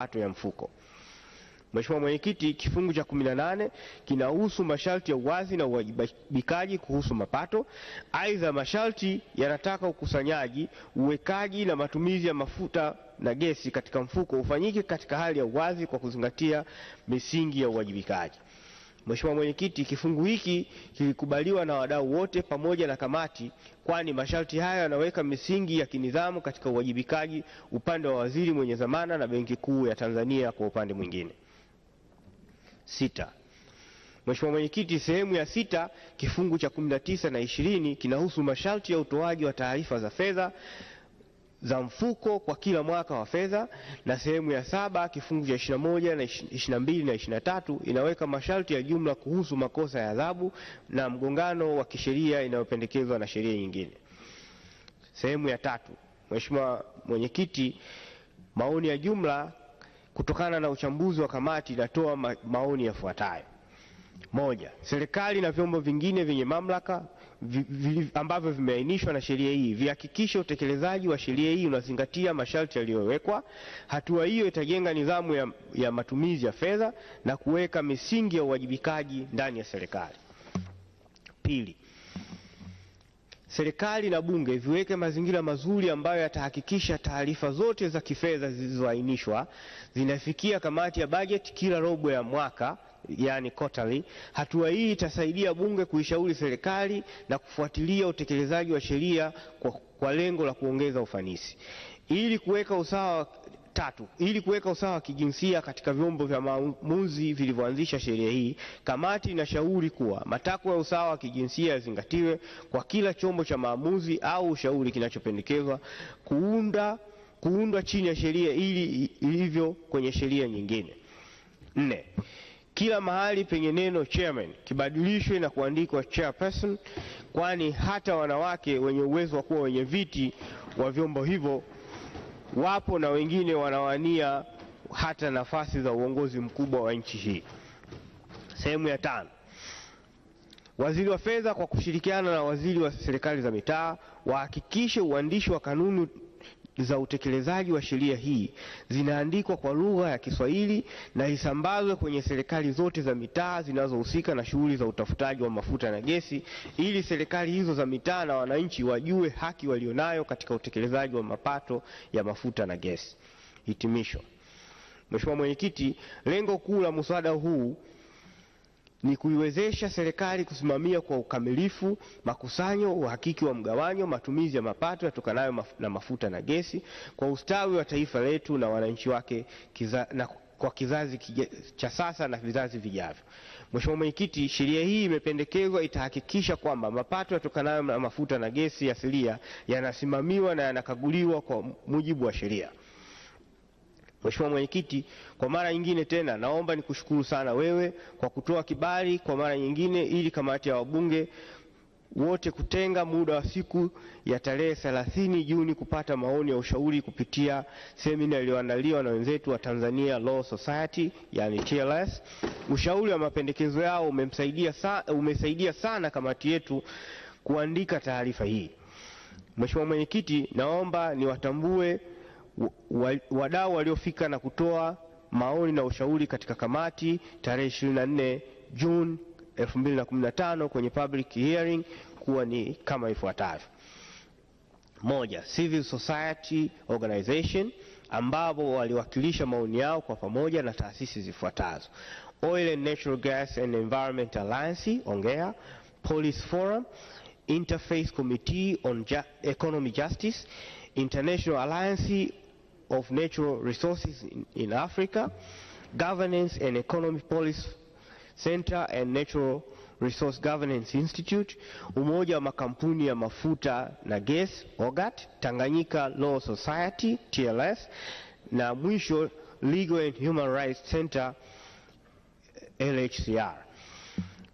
Mapato ya mfuko. Mheshimiwa Mwenyekiti, kifungu cha 18 kinahusu masharti ya uwazi na uwajibikaji kuhusu mapato. Aidha, masharti yanataka ukusanyaji, uwekaji na matumizi ya mafuta na gesi katika mfuko ufanyike katika hali ya uwazi kwa kuzingatia misingi ya uwajibikaji. Mheshimiwa Mwenyekiti, kifungu hiki kilikubaliwa na wadau wote pamoja na kamati, kwani masharti haya yanaweka misingi ya kinidhamu katika uwajibikaji upande wa waziri mwenye dhamana na Benki Kuu ya Tanzania kwa upande mwingine. Sita. Mheshimiwa Mwenyekiti, sehemu ya sita kifungu cha 19 na 20 kinahusu masharti ya utoaji wa taarifa za fedha za mfuko kwa kila mwaka wa fedha, na sehemu ya saba kifungu cha ishirini na moja na ishirini na mbili na ishirini na tatu inaweka masharti ya jumla kuhusu makosa ya adhabu na mgongano wa kisheria inayopendekezwa na sheria nyingine. Sehemu ya tatu, Mheshimiwa Mwenyekiti, maoni ya jumla kutokana na uchambuzi wa kamati inatoa maoni yafuatayo: moja, serikali na vyombo vingine vyenye mamlaka vi, vi, ambavyo vimeainishwa na sheria hii vihakikishe utekelezaji wa sheria hii unazingatia masharti yaliyowekwa. Hatua hiyo itajenga nidhamu ya, ya matumizi ya fedha na kuweka misingi ya uwajibikaji ndani ya serikali. Pili, serikali na bunge viweke mazingira mazuri ambayo yatahakikisha taarifa zote za kifedha zilizoainishwa zinafikia kamati ya bajeti kila robo ya mwaka yani quarterly. Hatua hii itasaidia bunge kuishauri serikali na kufuatilia utekelezaji wa sheria kwa, kwa lengo la kuongeza ufanisi ili kuweka usawa Tatu, ili kuweka usawa wa kijinsia katika vyombo vya maamuzi vilivyoanzisha sheria hii, kamati inashauri kuwa matakwa ya usawa wa kijinsia yazingatiwe kwa kila chombo cha maamuzi au ushauri kinachopendekezwa kuunda kuundwa chini ya sheria ili ilivyo kwenye sheria nyingine. Nne, kila mahali penye neno chairman kibadilishwe na kuandikwa chairperson, kwani hata wanawake wenye uwezo wa kuwa wenye viti wa vyombo hivyo wapo na wengine wanawania hata nafasi za uongozi mkubwa wa nchi hii. Sehemu ya tano. Waziri wa Fedha kwa kushirikiana na waziri wa serikali za mitaa wahakikishe uandishi wa kanuni za utekelezaji wa sheria hii zinaandikwa kwa lugha ya Kiswahili na isambazwe kwenye serikali zote za mitaa zinazohusika na shughuli za utafutaji wa mafuta na gesi, ili serikali hizo za mitaa na wananchi wajue haki walionayo katika utekelezaji wa mapato ya mafuta na gesi. Hitimisho. Mheshimiwa Mwenyekiti, lengo kuu la muswada huu ni kuiwezesha serikali kusimamia kwa ukamilifu makusanyo, uhakiki wa mgawanyo, matumizi ya mapato yatokanayo maf na mafuta na gesi kwa ustawi wa taifa letu na wananchi wake kiza na kwa kizazi cha sasa na vizazi vijavyo. Mheshimiwa Mwenyekiti, sheria hii imependekezwa itahakikisha kwamba mapato yatokanayo na mafuta na gesi asilia yanasimamiwa na yanakaguliwa kwa mujibu wa sheria. Mheshimiwa Mwenyekiti, kwa mara nyingine tena naomba nikushukuru sana wewe kwa kutoa kibali kwa mara nyingine ili kamati ya wabunge wote kutenga muda wa siku ya tarehe 30 Juni kupata maoni ya ushauri kupitia semina iliyoandaliwa na wenzetu wa Tanzania Law Society yani TLS. Ushauri wa mapendekezo yao umemsaidia sa, umesaidia sana kamati yetu kuandika taarifa hii. Mheshimiwa Mwenyekiti, naomba niwatambue wadau waliofika na kutoa maoni na ushauri katika kamati tarehe 24 Juni 2015 kwenye public hearing kuwa ni kama ifuatavyo: moja, civil society organization ambapo waliwakilisha maoni yao kwa pamoja na taasisi zifuatazo: Oil and Natural Gas and Environment Alliance ongea, Police Forum, Interfaith Committee on Ju Economic Justice, International Alliance of natural resources in, in Africa, Governance and Economy Policy Center and Natural Resource Governance Institute, Umoja wa makampuni ya mafuta na gesi OGAT, Tanganyika Law Society TLS, na mwisho Legal and Human Rights Center LHCR.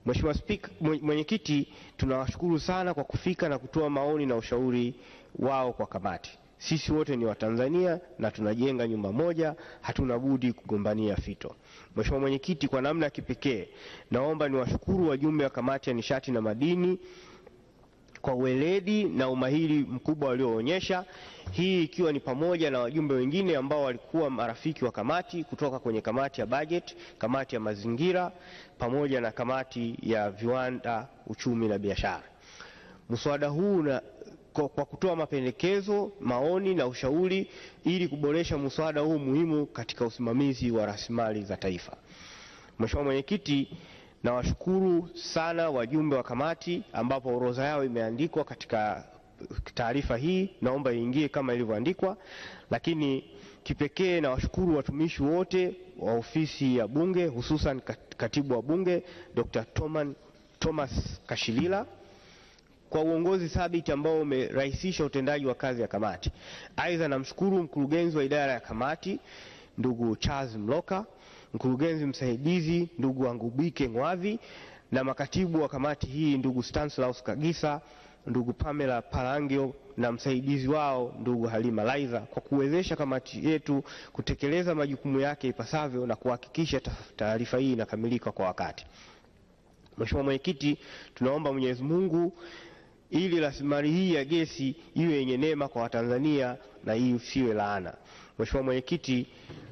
Mheshimiwa Spika, mwenyekiti, tunawashukuru sana kwa kufika na kutoa maoni na ushauri wao kwa kamati. Sisi wote ni Watanzania na tunajenga nyumba moja, hatuna budi kugombania fito. Mheshimiwa Mwenyekiti, kwa namna ya kipekee naomba niwashukuru wajumbe wa kamati ya nishati na madini kwa weledi na umahiri mkubwa walioonyesha, hii ikiwa ni pamoja na wajumbe wengine ambao walikuwa marafiki wa kamati kutoka kwenye kamati ya bajeti, kamati ya mazingira pamoja na kamati ya viwanda, uchumi na biashara. Mswada huu na kwa kutoa mapendekezo, maoni na ushauri ili kuboresha mswada huu muhimu katika usimamizi wa rasilimali za taifa. Mheshimiwa Mwenyekiti, nawashukuru sana wajumbe wa kamati ambapo orodha yao imeandikwa katika taarifa hii, naomba iingie kama ilivyoandikwa. Lakini kipekee nawashukuru watumishi wote wa ofisi ya Bunge, hususan katibu wa Bunge Dr. Thomas Kashilila kwa uongozi thabiti ambao umerahisisha utendaji wa kazi ya kamati. Aidha, namshukuru mkurugenzi wa idara ya kamati ndugu Charles Mloka, mkurugenzi msaidizi ndugu Angubike Ngwavi na makatibu wa kamati hii ndugu Stanislaus Kagisa, ndugu Pamela Parangio na msaidizi wao ndugu Halima Laiza kwa kuwezesha kamati yetu kutekeleza majukumu yake ipasavyo na kuhakikisha taarifa hii inakamilika kwa wakati. Mheshimiwa Mwenyekiti, tunaomba Mwenyezi Mungu ili rasilimali hii ya gesi iwe yenye neema kwa Watanzania na hii usiwe laana. Mheshimiwa Mwenyekiti,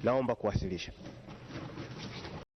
naomba kuwasilisha.